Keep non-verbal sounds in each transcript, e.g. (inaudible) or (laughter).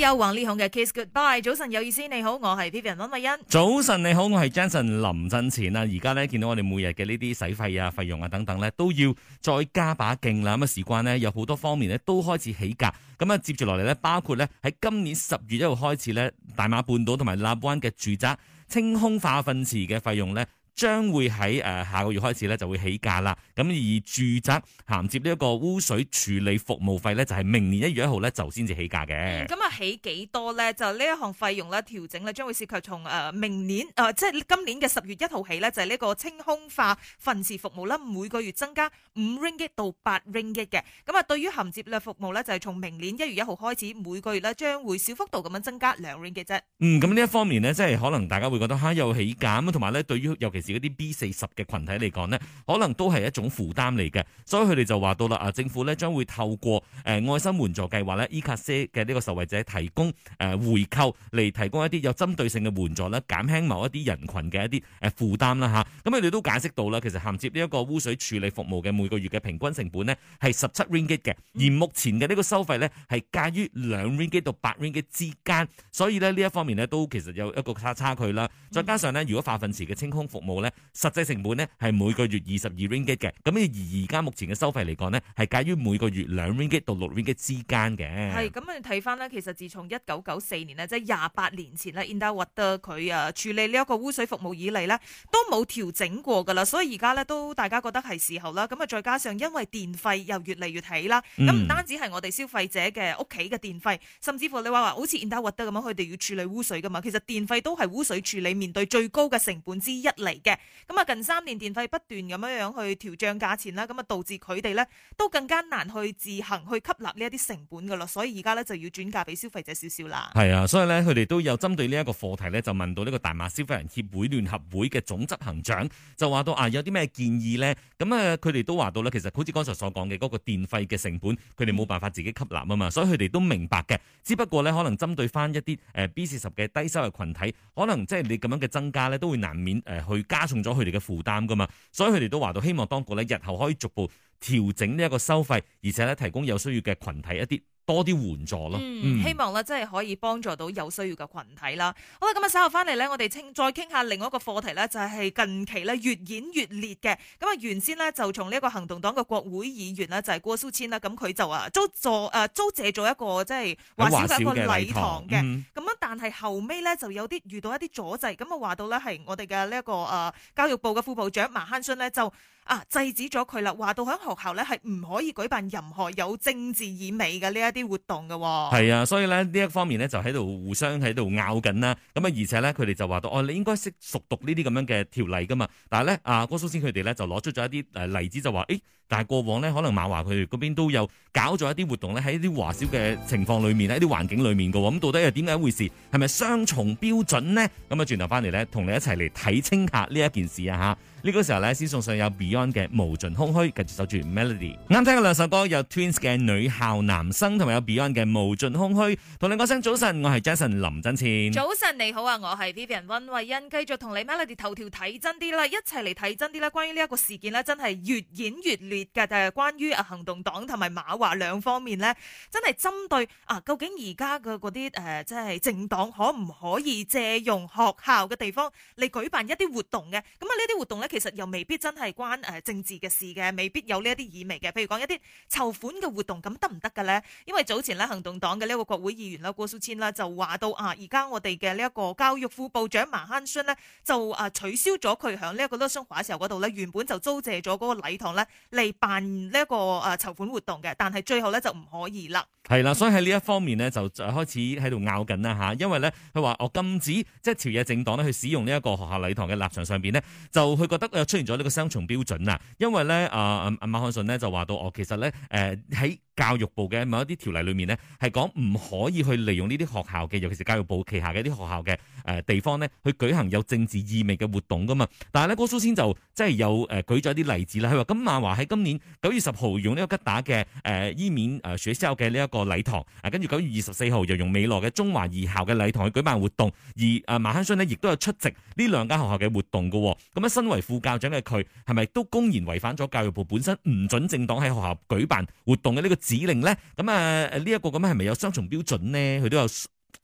有王麗紅嘅 Kiss Goodbye，早晨有意思，你好，我係 P P R 温慧欣。早晨你好，我係 Jason 林振前啊！而家咧見到我哋每日嘅呢啲使費啊、費用啊等等咧，都要再加把勁啦！咁啊，事關呢有好多方面咧都開始起價，咁啊，接住落嚟咧，包括咧喺今年十月一號開始咧，大馬半島同埋立巴灣嘅住宅清空化糞池嘅費用咧。將會喺誒下個月開始咧就會起價啦。咁而住宅銜接呢一個污水處理服務費咧，嗯，就係明年一月一號咧就先至起價嘅。咁啊起幾多咧？就呢一項費用咧調整咧，將會涉及從誒明年誒，呃、即係今年嘅十月一號起呢，就係、是、呢個清空化糞池服務啦，每個月增加五 ringgit 到八 ringgit 嘅。咁啊，對於銜接嘅服務咧，就係從明年一月一號開始，每個月咧將會小幅度咁樣增加兩 ringgit 嘅啫。嗯，咁呢一方面呢，即係可能大家會覺得嚇有起價咁，同埋咧對於尤其，嗰啲 B 四十嘅群體嚟講咧，可能都係一種負擔嚟嘅，所以佢哋就話到啦，啊政府咧將會透過誒愛心援助計劃咧，eKasih 嘅呢個受惠者提供誒回購，嚟提供一啲有針對性嘅援助咧，減輕某一啲人群嘅一啲誒負擔啦嚇。咁佢哋都解釋到啦，其實銜接呢一個污水處理服務嘅每個月嘅平均成本咧係十七 ringgit 嘅，而目前嘅呢個收費咧係介於兩 ringgit 到八 ringgit 之間，所以咧呢一方面咧都其實有一個差差距啦。再加上咧，如果化糞池嘅清空服務，咧，實際成本咧係每個月二十二 ringgit 嘅。咁而而家目前嘅收費嚟講咧，係介於每個月兩 ringgit 到六 ringgit 之間嘅。係咁你睇翻呢，其實自從一九九四年咧，即係廿八年前咧，Indah Water 佢啊處理呢一個污水服務以嚟咧，都冇調整過噶啦。所以而家咧都大家覺得係時候啦。咁啊，再加上因為電費又越嚟越貴啦，咁唔、嗯、單止係我哋消費者嘅屋企嘅電費，甚至乎你話話好似 Indah Water 咁樣，佢哋要處理污水噶嘛，其實電費都係污水處理面對最高嘅成本之一嚟咁啊，近三年電費不斷咁樣樣去調漲價錢啦，咁啊導致佢哋咧都更加難去自行去吸納呢一啲成本噶啦，所以而家咧就要轉嫁俾消費者少少啦。係啊，所以咧佢哋都有針對呢一個課題咧，就問到呢個大馬消費人協會聯合會嘅總執行長，就話到啊，有啲咩建議咧？咁啊，佢哋都話到咧，其實好似剛才所講嘅嗰個電費嘅成本，佢哋冇辦法自己吸納啊嘛，所以佢哋都明白嘅，只不過咧可能針對翻一啲誒 B 四十嘅低收入群體，可能即係你咁樣嘅增加咧，都會難免誒去。加重咗佢哋嘅負擔噶嘛，所以佢哋都話到希望當局咧日後可以逐步調整呢一個收費，而且咧提供有需要嘅群體一啲。多啲援助咯、嗯，希望咧真係可以幫助到有需要嘅群體啦。嗯、好啦，今日稍後翻嚟咧，我哋傾再傾下另外一個課題咧，就係、是、近期咧越演越烈嘅。咁啊，原先咧就從呢一個行動黨嘅國會議員啦，就係、是、郭蘇千啦，咁佢就啊租助啊租借咗一個即係話少少嘅禮堂嘅，咁樣、嗯，但係後尾咧就有啲遇到一啲阻滯，咁、這個、啊話到咧係我哋嘅呢一個啊教育部嘅副部長馬鏗春咧就啊制止咗佢啦，話到響學校咧係唔可以舉辦任何有政治意味嘅呢一啲活動嘅，係、哦、啊，所以咧呢一方面咧就喺度互相喺度拗緊啦。咁啊，而且咧佢哋就話到，哦，你應該識熟讀呢啲咁樣嘅條例噶嘛。但係咧，阿、啊、郭蘇先佢哋咧就攞出咗一啲誒例子就說，就話誒。但係過往呢，可能馬華佢哋嗰邊都有搞咗一啲活動呢，喺啲華少嘅情況裏面，喺啲環境裏面嘅喎，咁到底又點解一回事？係咪雙重標準呢？咁啊，轉頭翻嚟呢，同你一齊嚟睇清下呢一件事啊！吓、這、呢個時候呢，先送上有 Beyond 嘅無盡空虛，繼續守住 Melody。啱聽過兩首歌，有 Twins 嘅女校男生同埋有 Beyond 嘅無盡空虛，同你講聲早晨，我係 Jason 林真千。早晨你好啊，我係 Vivian 溫慧欣，繼續同你 Melody 頭條睇真啲啦，一齊嚟睇真啲啦，關於呢一個事件呢，真係越演越烈嘅，但係關於啊行動黨同埋馬華兩方面咧，真係針對啊，究竟而家嘅嗰啲誒，即、呃、係政黨可唔可以借用學校嘅地方嚟舉辦一啲活動嘅？咁啊，呢啲活動咧，其實又未必真係關誒政治嘅事嘅，未必有呢一啲意味嘅。譬如講一啲籌款嘅活動，咁得唔得嘅咧？因為早前咧，行動黨嘅呢個國會議員啦，郭淑千啦就話到啊，而家我哋嘅呢一個教育副部長馬漢順咧就啊取消咗佢喺呢一個盧森華時候嗰度咧，原本就租借咗嗰個禮堂咧嚟。辦呢一個誒籌款活動嘅，但係最後咧就唔可以啦。係啦，所以喺呢一方面咧就開始喺度拗緊啦吓，因為咧佢話我禁止即係朝野政黨咧去使用呢一個學校禮堂嘅立場上邊咧，就佢覺得誒出現咗呢個雙重標準啊。因為咧阿阿阿馬漢順咧就話到我其實咧誒喺。呃教育部嘅某一啲條例裏面呢，係講唔可以去利用呢啲學校嘅，尤其是教育部旗下嘅一啲學校嘅誒、呃、地方呢，去舉行有政治意味嘅活動噶嘛。但係呢，郭蘇仙就即係有誒、呃、舉咗一啲例子啦。佢話：今晚話喺今年九月十號用呢個吉打嘅誒伊綿誒雪嘅呢一個禮堂，跟住九月二十四號又用美羅嘅中華二校嘅禮堂去舉辦活動，而誒、呃、馬亨信咧亦都有出席呢兩間學校嘅活動嘅、哦。咁樣身為副教長嘅佢，係咪都公然違反咗教育部本身唔准政黨喺學校舉辦活動嘅呢、這個？指令咧，咁、呃、啊，呢、這、一個咁樣，係咪有雙重標準咧？佢都有。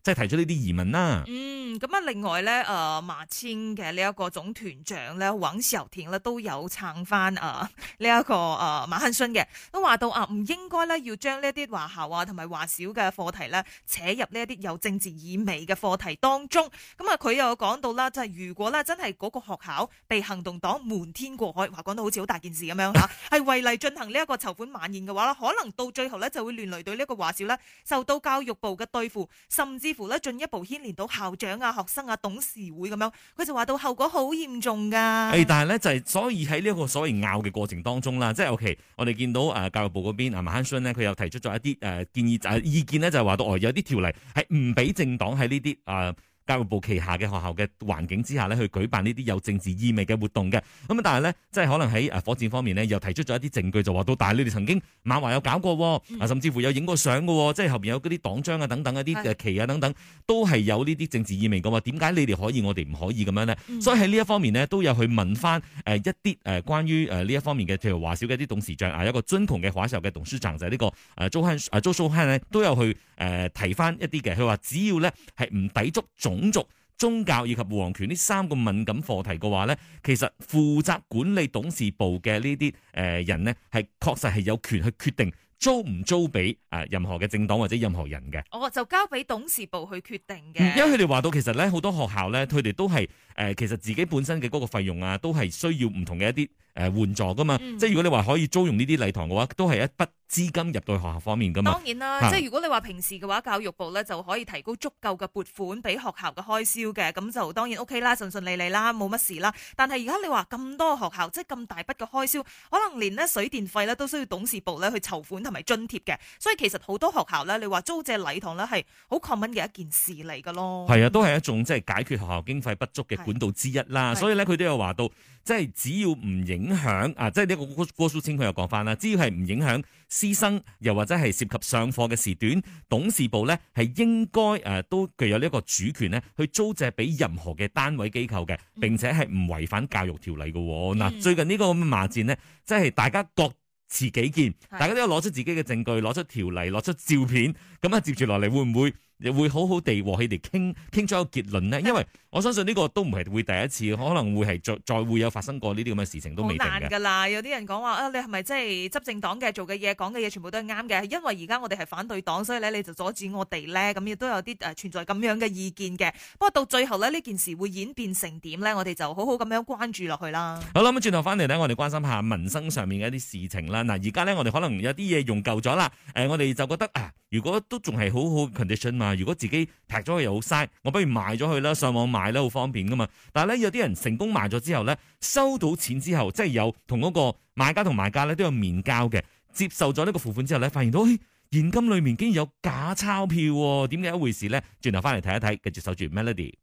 即係提出呢啲疑問啦、啊。嗯，咁啊，另外咧，誒、啊，馬青嘅呢一個總團長咧，黃少天咧都有撐翻啊呢一、這個誒、啊、馬亨遜嘅都話到啊，唔應該咧要將呢一啲華校啊同埋華小嘅課題咧扯入呢一啲有政治意味嘅課題當中。咁、嗯、啊，佢又講到啦，就係、是、如果咧真係嗰個學校被行動黨瞞天過海，話講到好似好大件事咁樣吓，係 (laughs) 為嚟進行呢一個籌款晚宴嘅話咧，可能到最後咧就會連累到呢一個華小咧受到教育部嘅對付，甚。甚至乎咧，進一步牽連到校長啊、學生啊、董事會咁樣，佢就話到後果好嚴重㗎，欸。但係咧就係，所以喺呢一個所謂拗嘅過程當中啦，即係 OK，我哋見到、呃、教育部嗰邊啊，馬漢孫咧，佢又提出咗一啲、呃、建議就、啊、意見咧，就係話到哦，有啲條例係唔俾政黨喺呢啲啊。呃教育部旗下嘅學校嘅環境之下咧，去舉辦呢啲有政治意味嘅活動嘅，咁但係咧，即係可能喺誒火箭方面呢，又提出咗一啲證據，就話到，但係你哋曾經馬華有搞過啊，甚至乎有影過相嘅，即係後邊有嗰啲黨章啊、等等一啲嘅旗啊、等等，都係有呢啲政治意味嘅。話點解你哋可以，我哋唔可以咁樣呢？所以喺呢一方面呢，都有去問翻誒一啲誒關於誒呢一方面嘅，譬如華小嘅一啲董事長啊，有一個尊孔嘅華校嘅董事長就係呢個啊 Joe Han 啊 Joe Sohan 咧，都有去誒、呃、提翻一啲嘅，佢話只要咧係唔抵觸。種族、宗教以及皇權呢三個敏感課題嘅話咧，其實負責管理董事部嘅、呃、呢啲誒人咧，係確實係有權去決定租唔租俾、呃、任何嘅政黨或者任何人嘅。哦，就交俾董事部去決定嘅。因為佢哋話到，其實咧好多學校咧，佢哋都係誒、呃，其實自己本身嘅嗰個費用啊，都係需要唔同嘅一啲。誒援助噶嘛，嗯、即係如果你話可以租用呢啲禮堂嘅話，都係一筆資金入到學校方面噶嘛。當然啦，是即係如果你話平時嘅話，教育部咧就可以提高足夠嘅撥款俾學校嘅開銷嘅，咁就當然 OK 啦，順順利利啦，冇乜事啦。但係而家你話咁多學校，即係咁大筆嘅開銷，可能連呢水電費咧都需要董事部咧去籌款同埋津貼嘅，所以其實好多學校咧，你話租借禮堂咧係好 common 嘅一件事嚟㗎咯。係啊，都係一種即係解決學校經費不足嘅管道之一啦。所以咧，佢都有話到，即係只要唔營影響啊，即係呢個郭淑清佢又講翻啦，只要係唔影響師生，又或者係涉及上課嘅時段，董事部咧係應該誒、啊、都具有呢一個主權咧，去租借俾任何嘅單位機構嘅，並且係唔違反教育條例嘅，哦。嗱、嗯啊，最近這個麻呢個罵戰咧，即係大家各持己見，嗯、大家都有攞出自己嘅證據，攞出條例，攞出照片，咁啊接住落嚟會唔會？會好好地和佢哋傾傾咗一個結論呢，因為我相信呢個都唔係會第一次，可能會係再再會有發生過呢啲咁嘅事情都未定嘅。好難嘅啦，有啲人講話啊，你係咪真係執政黨嘅做嘅嘢講嘅嘢全部都係啱嘅？因為而家我哋係反對黨，所以呢你就阻止我哋呢，咁亦都有啲、呃、存在咁樣嘅意見嘅。不過到最後呢，呢件事會演變成點呢？我哋就好好咁樣關注落去啦。好啦，咁轉頭翻嚟呢，我哋關心下民生上面嘅一啲事情啦。嗱，而家呢，我哋可能有啲嘢用舊咗啦。我哋就覺得啊，如果都仲係好好 condition 如果自己劈咗佢又好嘥，我不如賣咗佢啦，上網賣啦，好方便噶嘛。但係咧，有啲人成功賣咗之後咧，收到錢之後，即係有同嗰個買家同賣家咧都有面交嘅，接受咗呢個付款之後咧，發現到誒、哎，現金裏面竟然有假鈔票，啊，點解一回事咧？轉頭翻嚟睇一睇，繼續守住 Melody。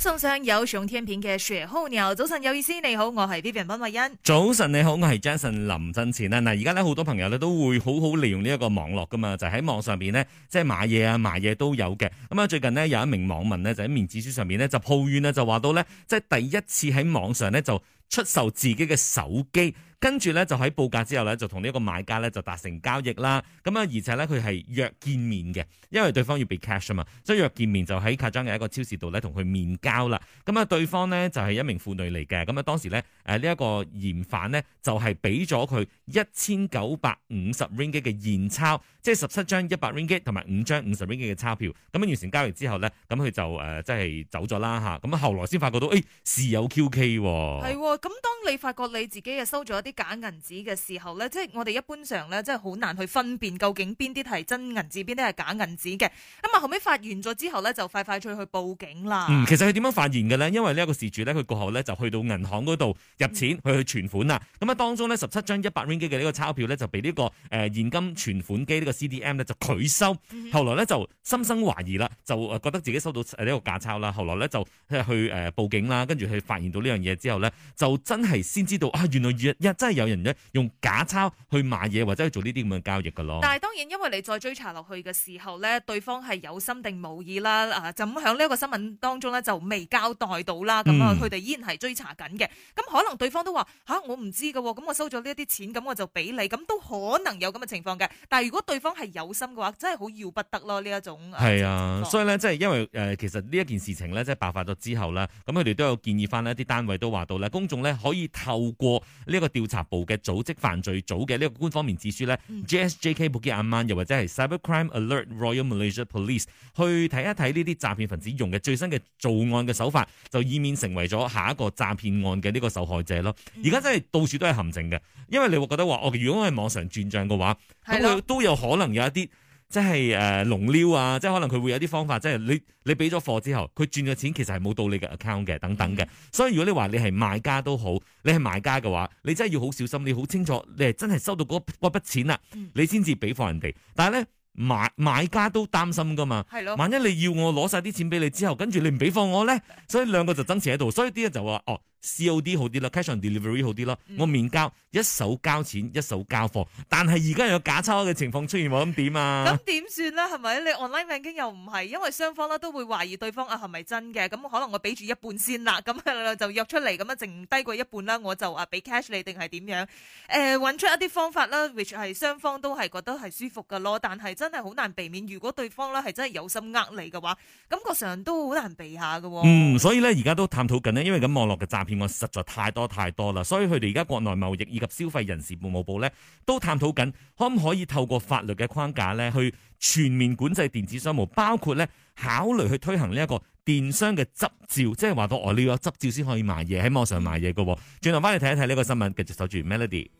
送上有上天片嘅雪浩，你好，早晨有意思，你好，我係 Vivian 林慧欣，早晨你好，我係 Jason 林振前啦。嗱，而家咧好多朋友咧都會好好利用呢一個網絡噶嘛，就喺網上邊呢，即係買嘢啊賣嘢都有嘅。咁啊最近呢，有一名網民呢，就喺面子書上邊呢，就抱怨呢，就話到呢，即係第一次喺網上呢，就出售自己嘅手機。跟住咧就喺報價之後咧就同呢一個買家咧就達成交易啦，咁啊而且咧佢係約見面嘅，因為對方要俾 cash 啊嘛，所以約見面就喺卡張嘅一個超市度咧同佢面交啦。咁啊對方咧就係一名婦女嚟嘅，咁啊當時咧誒呢一個嫌犯咧就係俾咗佢一千九百五十 ringgit 嘅現鈔，即係十七張一百 ringgit 同埋五張五十 ringgit 嘅鈔票。咁啊完成交易之後咧，咁佢就即係走咗啦吓，咁啊後來先發覺到誒事、哎、有 QK 喎、哦。係喎、哦，咁當你發覺你自己啊收咗一啲假銀紙嘅時候咧，即係我哋一般上咧，即係好難去分辨究竟邊啲係真銀紙，邊啲係假銀紙嘅。咁啊，後尾發現咗之後咧，就快快脆去報警啦。嗯，其實佢點樣發現嘅咧？因為呢一個事主咧，佢過後咧就去到銀行嗰度入錢去、嗯、去存款啦。咁啊，當中呢，十七張一百蚊機嘅呢個鈔票咧，就俾呢個誒現金存款機呢個 CDM 咧就拒收。嗯、後來咧就心生懷疑啦，就覺得自己收到呢個假鈔啦。後來咧就去誒報警啦，跟住去發現到呢樣嘢之後咧，就真係先知道啊，原來月一。真係有人咧用假鈔去買嘢或者去做呢啲咁嘅交易㗎咯。但係當然，因為你再追查落去嘅時候咧，對方係有心定無意啦。啊，就咁喺呢個新聞當中咧，就未交代到啦。咁啊，佢哋依然係追查緊嘅。咁可能對方都話吓，我唔知㗎喎。咁我收咗呢一啲錢，咁我就俾你。咁都可能有咁嘅情況嘅。但係如果對方係有心嘅話，真係好要不得咯。呢一種係啊，所以咧，即係因為誒，其實呢一件事情咧，即係爆發咗之後啦，咁佢哋都有建議翻呢一啲單位都話到咧，公眾咧可以透過呢個調。警察部嘅組織犯罪組嘅呢個官方面子書咧，J S、嗯、S J K 部嘅阿 man 又或者係 Cyber Crime Alert Royal Malaysia Police 去睇一睇呢啲詐騙分子用嘅最新嘅作案嘅手法，就以免成為咗下一個詐騙案嘅呢個受害者咯。而家、嗯、真係到處都係陷阱嘅，因為你會覺得話哦，如果係網上轉賬嘅話，咁佢的都有可能有一啲。即係誒、呃、龍溜啊！即係可能佢會有啲方法，即係你你俾咗貨之後，佢轉咗錢其實係冇到你嘅 account 嘅，等等嘅。Mm hmm. 所以如果你話你係賣家都好，你係買家嘅話，你真係要好小心，你好清楚你係真係收到嗰、嗰、嗰、個、筆錢啦，mm hmm. 你先至俾貨人哋。但係咧買買家都擔心噶嘛，的萬一你要我攞晒啲錢俾你之後，跟住你唔俾貨我咧，所以兩個就爭持喺度。所以啲人就話哦。COD 好啲啦 cash on delivery 好啲咯。嗯、我面交，一手交錢一手交貨。但係而家有假鈔嘅情況出現，我咁點啊？咁點算咧？係咪你 online Banking 又唔係？因為雙方都會懷疑對方啊，係咪真嘅？咁可能我俾住一半先啦，咁就約出嚟咁就剩低過一半啦，我就啊俾 cash 你定係點樣？誒、呃，搵出一啲方法啦，which 係雙方都係覺得係舒服噶咯。但係真係好難避免，如果對方咧係真係有心呃你嘅話，感覺上都好難避下嘅。嗯，所以咧而家都探討緊呢，因為咁網絡嘅片段實在太多太多啦，所以佢哋而家國內貿易以及消費人事務部呢，都探討緊，可唔可以透過法律嘅框架呢，去全面管制電子商務，包括咧考慮去推行呢一個電商嘅執照，即係話到我呢，你要有執照先可以賣嘢喺網上賣嘢嘅。轉頭翻嚟睇一睇呢個新聞，繼續守住 Melody。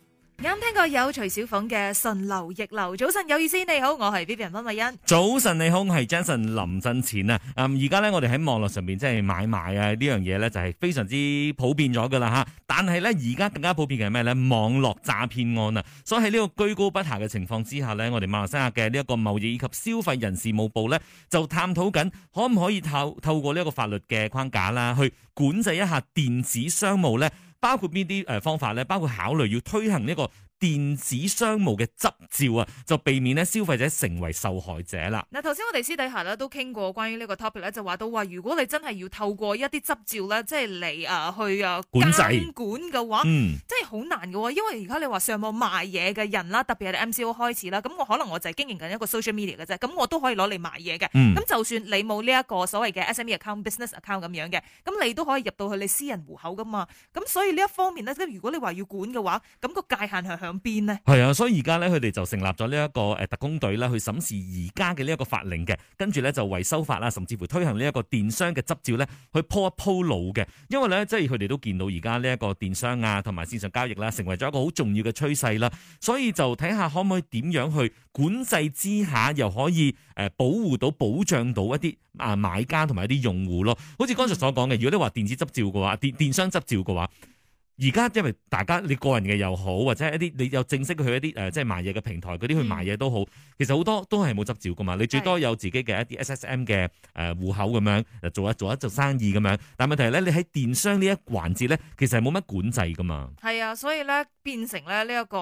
啱聽過有徐小鳳嘅順流逆流，早晨有意思，你好，我係 Vivian 溫慧欣。早晨你好，我係 Jason 林振前啊！啊、嗯，而家咧我哋喺網絡上面即係買賣啊呢樣嘢咧就係非常之普遍咗噶啦吓，但係咧而家更加普遍嘅係咩咧？網絡詐騙案啊！所以喺呢個居高不下嘅情況之下咧，我哋馬來西亞嘅呢一個貿易以及消費人事務部咧就探討緊可唔可以透透過呢一個法律嘅框架啦，去管制一下電子商務咧。包括邊啲誒方法咧？包括考慮要推行呢個。電子商務嘅執照啊，就避免咧消費者成為受害者啦。嗱，頭先我哋私底下咧都傾過關於呢個 topic 咧，就話到話，如果你真係要透過一啲執照咧，即係嚟啊去啊監管嘅話，管制。真係好難嘅，因為而家你話上網賣嘢嘅人啦，特別係 MCO 開始啦，咁我可能我就係經營緊一個 social media 嘅啫，咁我都可以攞嚟賣嘢嘅，嗯，咁就算你冇呢一個所謂嘅 SME account、business account 咁樣嘅，咁你都可以入到去你私人戶口噶嘛，咁所以呢一方面咧，即如果你話要管嘅話，咁個界限係向。兩邊咧，係啊，所以而家咧，佢哋就成立咗呢一個誒特工隊啦，去審視而家嘅呢一個法令嘅，跟住咧就維修法啦，甚至乎推行呢一個電商嘅執照咧，去鋪一鋪路嘅。因為咧，即係佢哋都見到而家呢一個電商啊，同埋綫上交易啦，成為咗一個好重要嘅趨勢啦，所以就睇下可唔可以點樣去管制之下，又可以誒保護到、保障到一啲啊買家同埋一啲用戶咯。好似剛才所講嘅，如果你話電子執照嘅話，電電商執照嘅話。而家因為大家你個人嘅又好，或者一啲你有正式去一啲誒即係賣嘢嘅平台嗰啲去賣嘢都好，其實好多都係冇執照㗎嘛。你最多有自己嘅一啲 SSM 嘅誒戶口咁樣，做一做一做生意咁樣。但問題係咧，你喺電商呢一環節咧，其實係冇乜管制㗎嘛。係啊，所以咧。變成咧呢一個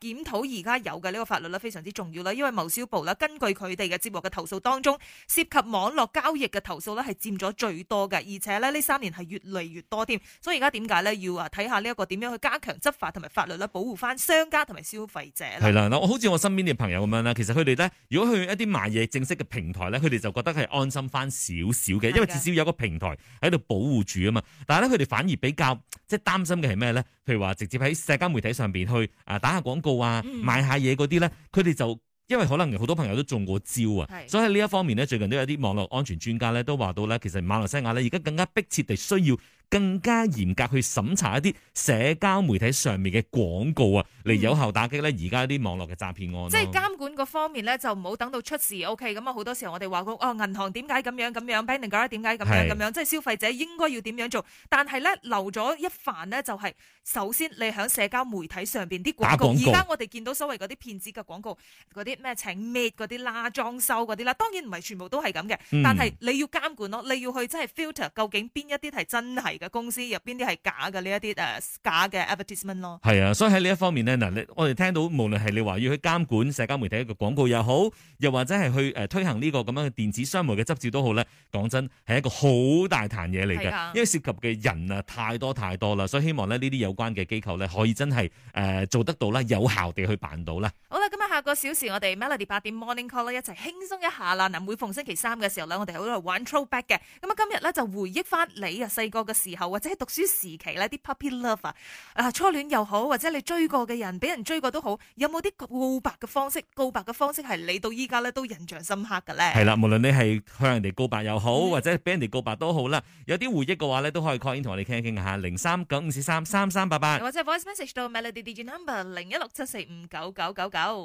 檢討而家有嘅呢個法律咧，非常之重要啦。因為貿消部啦，根據佢哋嘅接獲嘅投訴當中，涉及網絡交易嘅投訴咧，係佔咗最多嘅，而且呢，呢三年係越嚟越多添。所以而家點解呢？要啊睇下呢一個點樣去加強執法同埋法律咧，保護翻商家同埋消費者啦。係啦，嗱，我好似我身邊啲朋友咁樣啦，其實佢哋呢，如果去一啲賣嘢正式嘅平台呢，佢哋就覺得係安心翻少少嘅，因為至少有個平台喺度保護住啊嘛。但係呢，佢哋反而比較即係擔心嘅係咩呢？譬如話直接喺社交媒體。喺上邊去啊打下廣告啊賣下嘢嗰啲咧，佢哋就因為可能好多朋友都中過招啊，是的 所以喺呢一方面咧，最近都有啲網絡安全專家咧都話到咧，其實馬來西亞咧而家更加迫切地需要。更加嚴格去審查一啲社交媒體上面嘅廣告啊，嚟有效打擊咧而家啲網絡嘅詐騙案。即係監管嗰方面咧，就唔好等到出事。OK，咁啊好多時候我哋話哦，銀行點解咁樣咁樣？Banking g 點解咁樣咁樣？即係消費者應該要點樣做？但係咧留咗一凡呢，就係首先你喺社交媒體上邊啲廣告，廣告而家我哋見到所謂嗰啲騙子嘅廣告，嗰啲咩請咩嗰啲啦，裝修嗰啲啦，當然唔係全部都係咁嘅，嗯、但係你要監管咯，你要去真係 filter 究竟邊一啲係真係。嘅公司，入邊啲係假嘅，呢一啲誒假嘅 advertisement 咯，係啊，所以喺呢一方面咧，嗱你我哋聽到無論係你話要去監管社交媒體嘅廣告又好，又或者係去誒推行呢個咁樣嘅電子商務嘅執照都好咧，講真係一個好大壇嘢嚟嘅，啊、因為涉及嘅人啊太多太多啦，所以希望咧呢啲有關嘅機構咧可以真係誒做得到啦，有效地去辦到啦。今日下個小時我哋 Melody 八點 Morning Call 一齊輕鬆一下啦！嗱，每逢星期三嘅時候咧，我哋好多人玩 Throwback 嘅。咁啊，今日咧就回憶翻你啊細個嘅時候或者係讀書時期啦，啲 Puppy Love 啊，啊初戀又好，或者你追過嘅人，俾人追過都好，有冇啲告白嘅方式？告白嘅方式係你到依家咧都印象深刻嘅咧？係啦，無論你係向人哋告白又好，或者俾人哋告白都好啦，有啲回憶嘅話咧，都可以 call in 同我哋傾一傾吓，零三九五四三三三八八，或者 Voice Message 到 Melody DJ Number 零一六七四五九九九九。